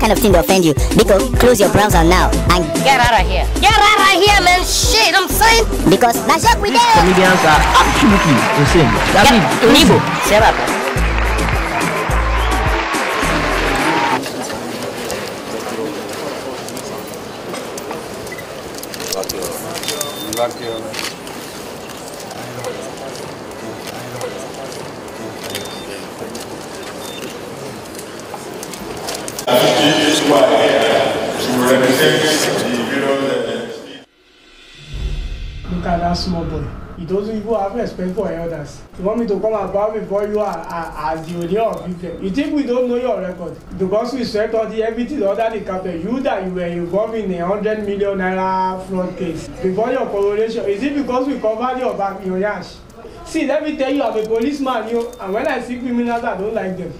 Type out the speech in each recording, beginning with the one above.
kind of thing to offend you. Because close your browser now and get out of here. Get out of here, man. Shit, I'm saying. Because that's what we do. Comedians are absolutely insane. That means evil. Shut up. Man. Lucky, lucky. small boy. He doesn't even have respect for elders. You want me to come and bow before you are as the owner of Ife? You think we don't know your record? Because we swept all the everything under the carpet. You that you were involved in a hundred million naira fraud case before your coronation. Is it because we covered your back, your ash? See, let me tell you, I'm a policeman, you, and when I see criminals, I don't like them.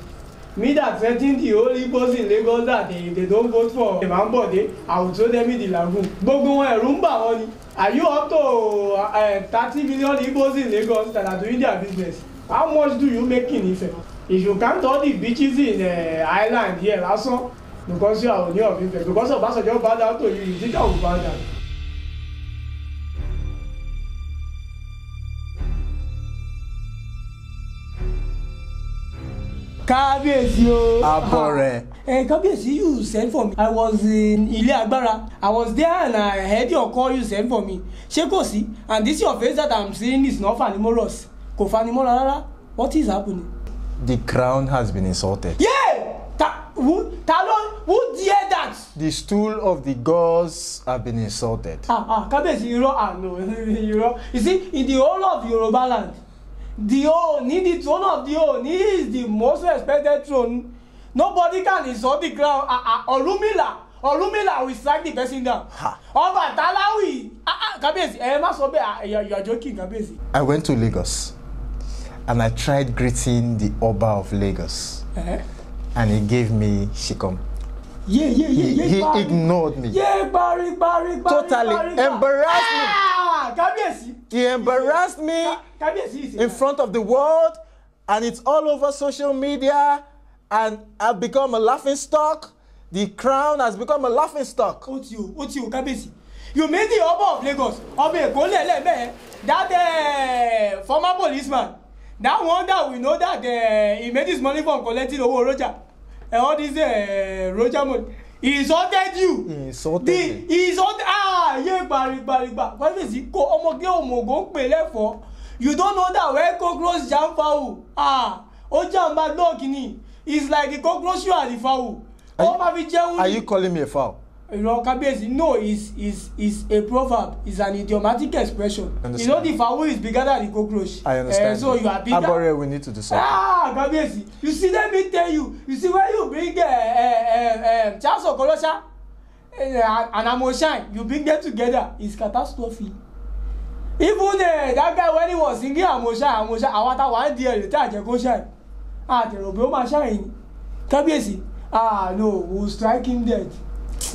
Me that threaten the whole Igbos in Lagos that they, they don't vote for the Emambode, I will throw them in the lagoon. Gbogbo wọn ẹ̀rù ń bà wọ́n ni. Are you up to uh, eh, 30 million Igbos in Lagos that are doing their business? How much do you make in Ife? If you count all the beaches in uh, eh, Ireland here, also, because you are Ooni of Ife, because Obasanjo bowed down to you, you think I will bow down? Kábíyèsí o. Abọ̀ rẹ̀ eh, kábíyèsí you send for me i was in ilé agbára i was there and i heard your call you send for me ṣé kò sí and this your face that i'm seeing is not fanimorous kò fanimọ́ra rárá what is happening. the crown has been insulted. yeah ta who ta ló who dare that. the stool of the gods have been insulted. ah ah kábíyèsí irọ́ àná ah, irọ́ you see in the whole of Yoruba land the Ooni the throne of the Ooni is the most respected throne nobody can insult the ground ah ah Ọ̀rúnmìlà Ọ̀rúnmìlà will strike the person down Ọbàtálá Talawi. ah ah kábíyèsí ẹ má sọ Ah, you are joking kábíyèsí. I went to Lagos and I tried greeting the Oba of Lagos uh-huh. and he gave me shikom. Yeah, yeah, yeah, he, he ignored me. Yeah, bari, bari, bari, totally embarrassed me. Ah, kábíyèsí. He embarrassed me kábíyèsí, in front of the world and it's all over social media and have become a laughing stock. The crown has become a laughing stock. Ó ti o, ó ti o, kábíyèsí. You mean the Oba of Lagos, Oba Èkó lẹ́lẹ́mẹ́, that uh, former policeman, that one that we know that uh, he made his money from collecting owó Roger, uh, all this uh, eh, Roger money. He insulted you. He insulted the, me. He insulted ah ye gbarigbarigba kábíyèsí ko ọmọge òmùgọ̀ ń pè lẹ́fọ̀ọ́. You don't know that when cockroach jam fowl ah ó jàmbá dọ́ọ̀gì ni is like the cockroach you are the fowl. ó are you calling me a fowl. ìrọ̀ no is is is a proverb It's an idiomatic expression. you know the fowl is bigger than the cockroach. I eh, understand. Uh, so you are bigger. abore we need to do something. ah kábíyèsí you see let me tell you you see when you bring uh, uh, uh, charles okorocha uh, eh, and amoshan you bring them together it's catastrophe even uh, that guy when he was singing amoshan amoshan awata wa n di ẹrẹ tí a jẹ kó àdèrò ah, pé ó máa ṣàyìn kábíyèsí ah no we will strike him dead.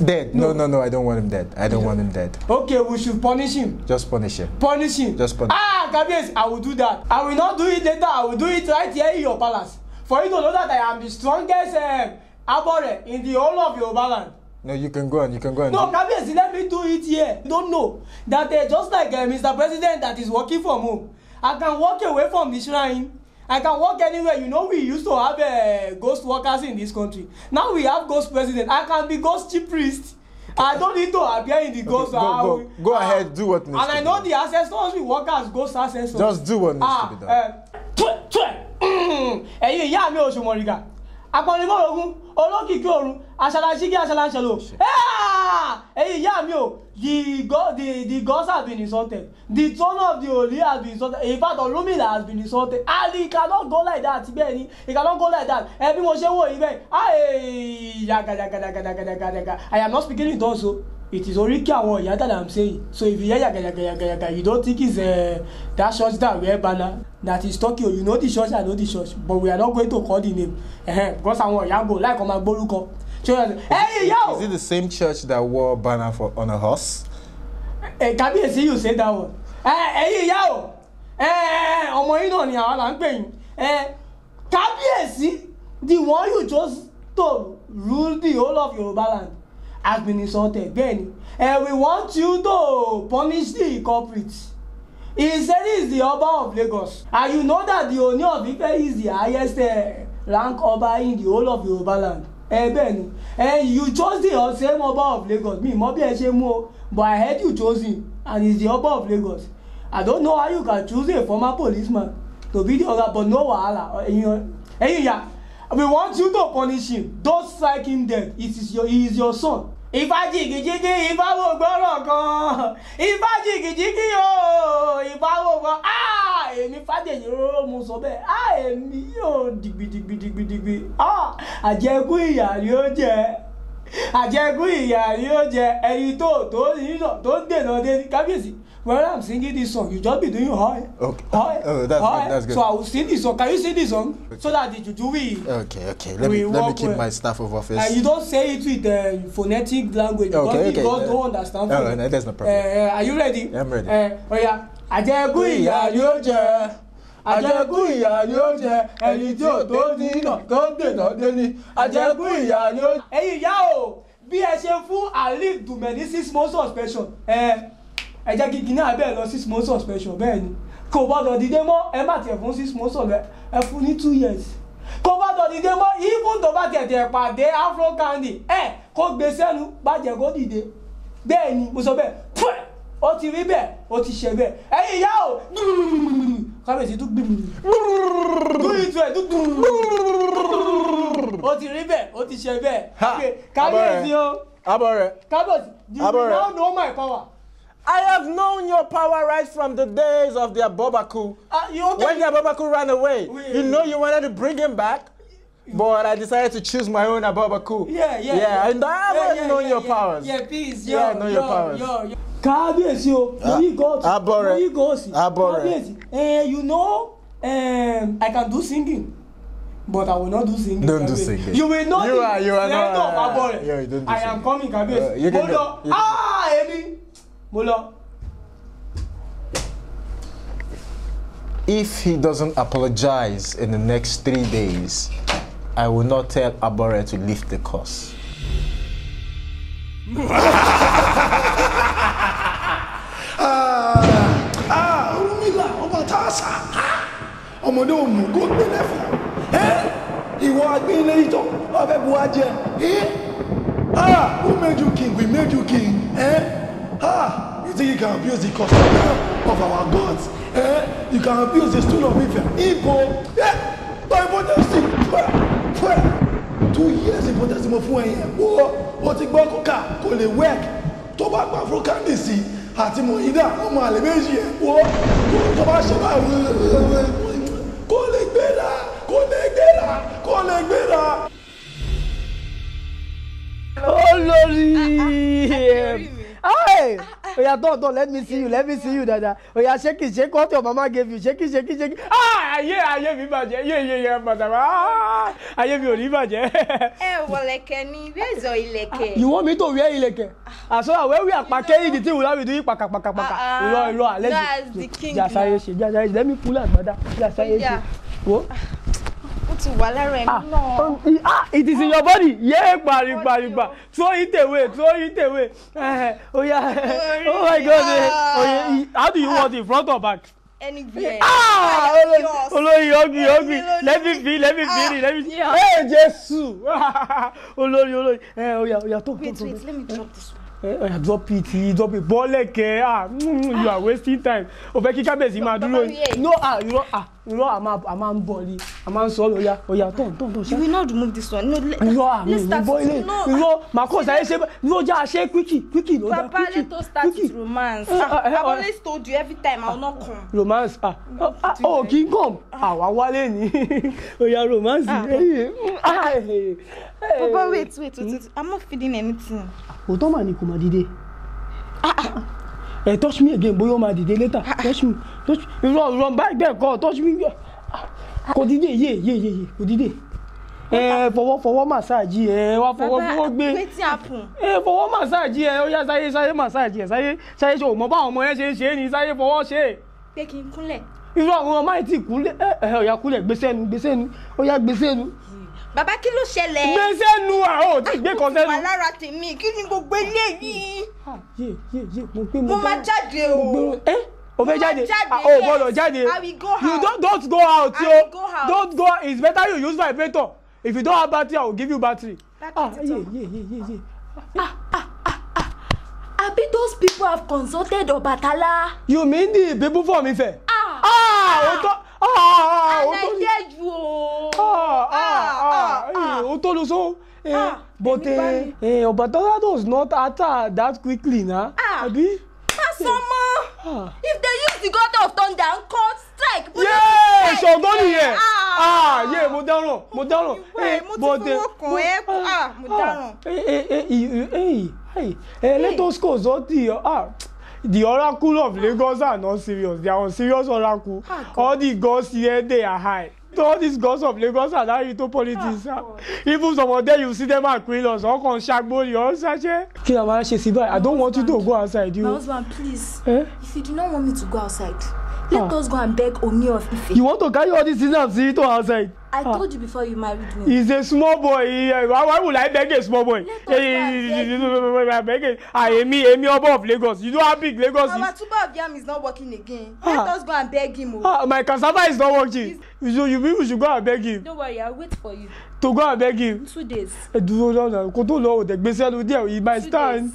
Dead. No. no, no, no, I don't want him dead. I don't want him dead. Okay, we should punish him. Just punish him. Punish him. Just punish Ah, Gabies, I will do that. I will not do it later. I will do it right here in your palace. For you to know that I am the strongest uh, abore in the whole of Yoruba land. No, you can go on, you can go on. No, Gabies, let me do it here. You don't know that uh, just like uh, eh, Mr. President that is working from home, I can walk away from the shrine I can work anywhere. You know, we used to have uh, ghost workers in this country. Now we have ghost president. I can be ghost chief priest. I don't need to appear in the okay, ghost. Go, go, go ahead, do what needs And I know the ancestors we work as ghost ancestors. Just do what needs uh, to ah, be done. Eh, ẹ̀yin ìyá mi Òṣùmọ̀rìgà akọrinmọ́rogún olókìkí òrun aṣaláṣígí aṣaláṣẹlò ẹ̀yin ìyá mi o the god the the gods have been insulted the throne of the holy has been insulted in fact olumila has been insulted ali it cannot go like that bẹ́ẹ̀ ni it cannot go like that ẹ bí mo ṣe wò bẹ́ẹ̀ ayé yàgàdàgàdàgàdàgàdàgàdàgà i am not speaking in tongues o it is oríkì àwọn ìyá that i'm saying so if you hear yaga you don't think it's uh, that church that wear banner that is talking you know the church i know the church but we are not going to call the name uh-huh. because àwọn ìyá go like ọmọ agbórúkọ hey yo. is it the same church that wore banner for on a horse. ẹ eh, kábíyèsí you say that one. Eh, ẹ̀yin ìyá o ọmọ yín náà ni àwa là ń pè yín kábíyèsí the one you chose to rule the whole of Yoruba land has been insulted bẹ́ẹ̀ and eh, we want you to punish the culprit. He said he's the Ọba of Lagos and you know that the Ooni of Ife is the highest uh, rank Ọba in the whole of Yoruba land ẹ eh, bẹ́ẹ̀ and you chose the same Ọba of Lagos Me, mọ bí ẹ ṣe mú o but I heard you chose him and he's the Ọba of Lagos I don't know how you can choose a former policeman to be the Ọba but no wahala ẹyin ẹyin ya we want you to punish him don't strike him dead it is your he is your son ifá jìgìjìgì ifá wò gbọ́rọ̀ gan ifá jìgìjìgì o ifá wò gan ah, èmi fàdèyí róró mo sọ bẹ́ẹ̀ á ah, èmi yóò dìgbìdìgbìdìgbìdìgbì ah, àjẹkù ìyà rí ó jẹ àjẹkù ìyà rí ó jẹ ẹyin tó tó ń dènà dé kábíyèsí when I'm singing this song, you just be doing high. Okay. High. Oh, that's hi. good. That's good. So I will sing this song. Can you sing this song? Okay. So that the juju will. Okay, okay. Let me let me keep well. my staff of office. And uh, you don't say it with the uh, phonetic language. Okay, because okay. Because uh, don't understand. Oh, no, no, that's no problem. Uh, uh are you ready? I'm ready. Uh, oh yeah. Ajẹ́kú ìyá ni ó jẹ. Ajẹ́kú ìyá ni ó jẹ. Ẹni tí ò tó dínà tó dènà délé. Ajẹ́kú ìyá ni ó. Ẹ̀yin ìyá o, bí ẹ ṣe fún Ali Dùmẹ̀ six months suspension ẹ jẹ́ kí kinní abẹ́ lọ sí sponsor special bẹ́ẹ̀ ni kò gbọ́dọ̀ dìde mọ́ ẹ má tiẹ̀ fún sí sponsor rẹ ẹ fún ní two years kò gbọ́dọ̀ dìde mọ́ even tó bá tẹ̀tẹ̀ pàdé afro candy ẹ kó gbé sẹ́nu bàjẹ́ kó dìde bẹ́ẹ̀ ni mo sọ bẹ́ẹ̀ pẹ́ẹ́ ó ti rí bẹ́ẹ̀ ó ti ṣe bẹ́ẹ̀ ẹ̀yin ìyá o kábíyèsí tún gbìmù gbìmù ẹ̀ tún gbìmù ó ti rí bẹ́ẹ̀ ó ti ṣe bẹ́ẹ̀ kábíyèsí o kábíyèsí you now know my power. I have known your power right from the days of the Abobaku. Uh, ah, When the Abobaku ran away, oui, you know you wanted to bring him back, but I decided to choose my own Abobaku. Yeah, yeah. Yeah, yeah. and I haven't yeah, known yeah, your powers. Yeah, please, yo, yeah, I know yo, your powers. Yo, yo. you, o, lórí gọ́ọ̀sì. Abọ́rẹ̀. you gọ́ọ̀sì. Abọ́rẹ̀. Kábíyèsí. Eh, you know, um, I can do singing. But I will not do singing. Don't do singing. You will not. You are, you are not. Uh, no, Abọ́rẹ̀. Yo, you don't do I singing. am coming, Kábíyèsí. Uh, you can Hold on. Ah, Emi. mo lọ. If he doesn't apologize in the next three days, I will not tell Abore to lift the curse. Ọ̀rúnmìlà ọba tá ọmọdé òmùgó gbélé fún ẹ ìwọ agbélé ìjọ ọbẹ̀ bu ajẹ ẹ ọ̀rúnmẹ́jú king we made you king ẹ. Eh? Ah say you can abuse the custodian of our gods eh you can abuse the stool of ife igbo eh tọ́yìnbó tẹ̀ sí pẹ́ẹ́ two years ìbò protest mo fún ẹ̀yìn ẹ̀gbọ́ o ti gbọ́ kókà kò lè work tó bá gbà fún kándìsì àti mọ̀nyídà ọmọ àlè méjì ẹ̀gbọ́ kó tó bá ṣe báyìí kó lè gbéra kó lè gbéra kó lè Oh yeah, don't don't let me see you let me see you dada Oh yeah, shake it shake what your mama gave you shake it shake it shake it ah ayé ayé mi bàjẹ́ yeah, yeah, yeah, bàtàmà ah ayé mi ò ní bàjẹ́. ẹ wọlẹ̀kẹ̀ ni where's your ìlẹ̀kẹ̀. you want me to wear ìlẹ̀kẹ̀ Ah, so where we are packing the thing we don be doing pakapakapaka irọ́ irọ́ alẹ́ jù jasaye ṣe jasaye ṣe let me pull out, dada jasaye ṣe wo. Ah ti wà lára ẹ̀ ah, náà. Oh, ah, it is in your body yé pariparipa throw it away throw it away eh, oya oh, oh my god oye oh, how do you want it front or back. anywhere. ah olórí ogi ogi let me feel let me ah, feel let me feel hey Jésù olórí olórí eh, oya oya talk talk talk. wait wait let me drop this one. Uh, drop it drop it bọ́ọ̀lẹ̀ kẹ́ ah mm, mm, you are wasting time o fẹ́ kí kábíyèsí máa dúró no ah you know ah irọ́ a máa ń bọ̀ ni a máa ń sọ ọ́ ya ọ̀ya tọ̀ tọ̀ tọ̀ ṣe. you will not remove this one. No, let, irọ́ àmì ìlú bọ́ ilé irọ́ ah, màá kọ́ sáyé ṣe irọ́ já a ṣe quickie ló dá quickie. papa let start with romance. Eh, ah, eh, eh, I always told you every time I will not come. romance ah, ah oh kì í come àwa wálé ni ọ̀ya romance. Papa, wait wait wait I'm not feeling anything. òótọ́ mà ni kò má dìde ẹ eh, touch me again boyo. Oh, ó máa dìde later ah, ah. touch me touch me irọ́ irọ́ báyìí bẹ́ẹ̀ kọ́ touch me ah, kò dìde yé yé yé yé kò dìde ẹ eh, fọwọ́ fọwọ́ màsáàjì ẹ wá fọwọ́ fọwọ́ gbé ẹ eh, fọwọ́ màsáàjì ẹ ó yá sáyé sáyé màsáàjì ẹ sáyé sáyé ṣe òmọ báwọn ọmọ yẹn ṣe ń ṣe é ní sáyé fọwọ́ ṣe é. pé kí n kúnlẹ̀. irú àwọn ọmọ yìí ti kúnlẹ̀ ẹ ẹ ó yá kúnlẹ̀ gbèsè nu gbèsè nu ó yá gbèsè nu bàbá kí ló ṣẹlẹ̀. gbèsè nu àwọn ò tí gbé ah, kan sẹ́nu. àkókò alára tèmi kí ni gbogbo eléyìí. yé yé yé mo gbé mo máa jáde o. ẹ eh? o fẹ́ jáde ah, o gbọ́dọ̀ jáde you don't don't go out yo don't go it's better you use vibrator if you don't have battery i will give you battery. ah yé yé yé yé yé. ah ah ah ah abi those people have consulted Ọbàtálá. you mean the people from Ifẹ̀. ah ah òótọ́ ah òótọ́. Ah, also eh, ah, but eh, eh, obatala does not attack that quickly nah. ah abi. ah. if they use the god of thunder and call strike. yee ṣọgbọ́n nìyẹn ah yeah, yee mo dáràn mo dáràn. ìwé eh, mo ti fowó eh, kàn ẹ́ ah, ah mo dáràn. ẹ let us go so ah the oracle of Lagos are not serious they are on serious oracle ah, all the gods here they are high to all these gods of Lagos and now you to politics ah, even some there, you see them at Queen Laws all kan shagbo, you all ṣaṣẹ. kí ni a I don't want you to go outside. You. my husband please eh? if you do not want me to go outside Let us go and beg Ooni of Ife. You want to carry all these things and see it outside? I ah. told you before you married me. He's a small boy. Eh, why, why would I beg a small boy? Let us go eh, and eh, beg. I am me, Emi Oba of Lagos. You know how big Lagos Our is. Our tuba of yam is not working again. Ah. Let us go and beg him. Oh. Ah, my cassava is not working. He's... You, mean we should go and beg him? Don't worry, I'll wait for you. To go and beg him. Two days. Two days.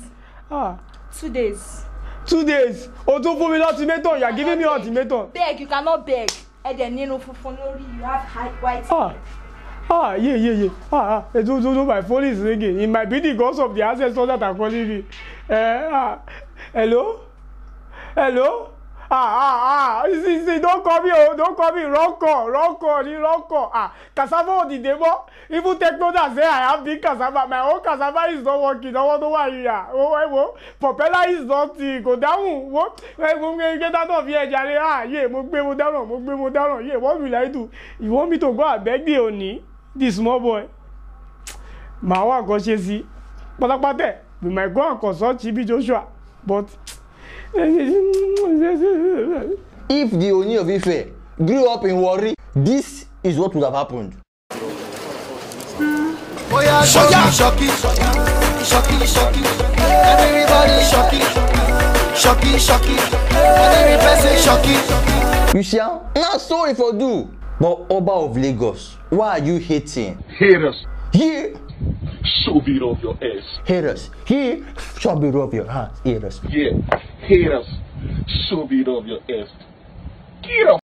Ah. Two days two days o tún fún mi lọ́tìmẹ́tọ̀ you are giving me ultimatum. beg you cannot beg ẹ̀dẹ̀ nínú funfun lórí you have high white. ah ah yeah yeah yeah ah ah do do do my phone is ringing it might be the gods of the ancestors that are calling me. Eh, ah hello hello. Ah, ah, ah, ah see see don call me o oh, don call me wrong call wrong call ni wrong call ah cassava ò dìde mọ́ even technoda say i have big cassava my own cassava is not working ọwọ́ tó wà yìí à owó oh, ẹ wo propeller is not eh, kò dáhùn wo ẹ wo gẹ́gẹ́ dátọ̀ fi ẹja rẹ ah yé mo gbé mo dáràn mo gbé mo dáràn yé what will i do you want me to go abẹ́gbé òní this small boy màá wà kọ́ ṣe sí pátápátá we might go and consult Chibi Joshua but. If the Oni of Ife grew up in worry, this is what would have happened. You see, ah, now sorry e for do, but Oba of Lagos, why are you hating? Haters. Here, shove it off your ass. Haters, he shove it off your hands. Haters. Yeah, haters, shove it off your ass. Get off.